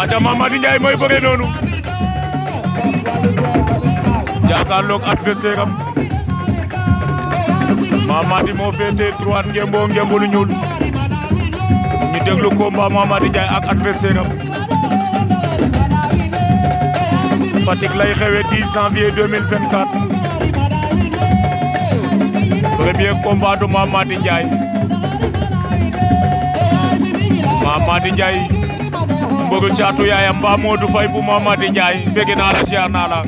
aca Mamady Ndiaye mooy bëre noonu jàkkaarloog adversaire am Mamady moo féetee ngemboo ngembu lu ñuul ñu déglu combat ak adversaire am Fatick lay janvier 2024 premier du Mamady Ndiaye mbëgg caatu yaayam ba Modou Faye bu Mamadi Ndiaye bëgg naa la siyaar naa la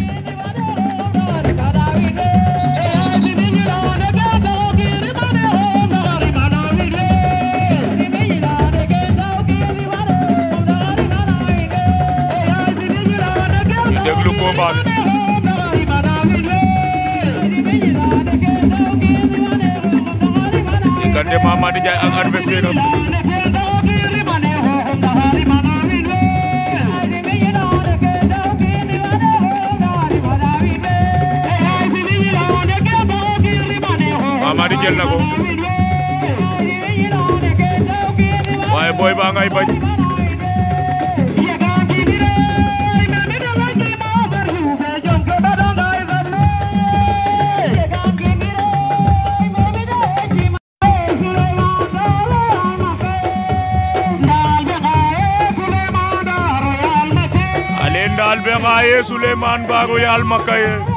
mari jël na ko waaye booy baa ngay bañ अले डाल बेगा सुलेमान बागो याल मकई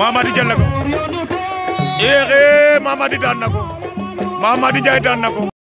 Mamady jël ko. yéexee eh, eh, Mamady daan na ko Mamady Ndiaye na ko.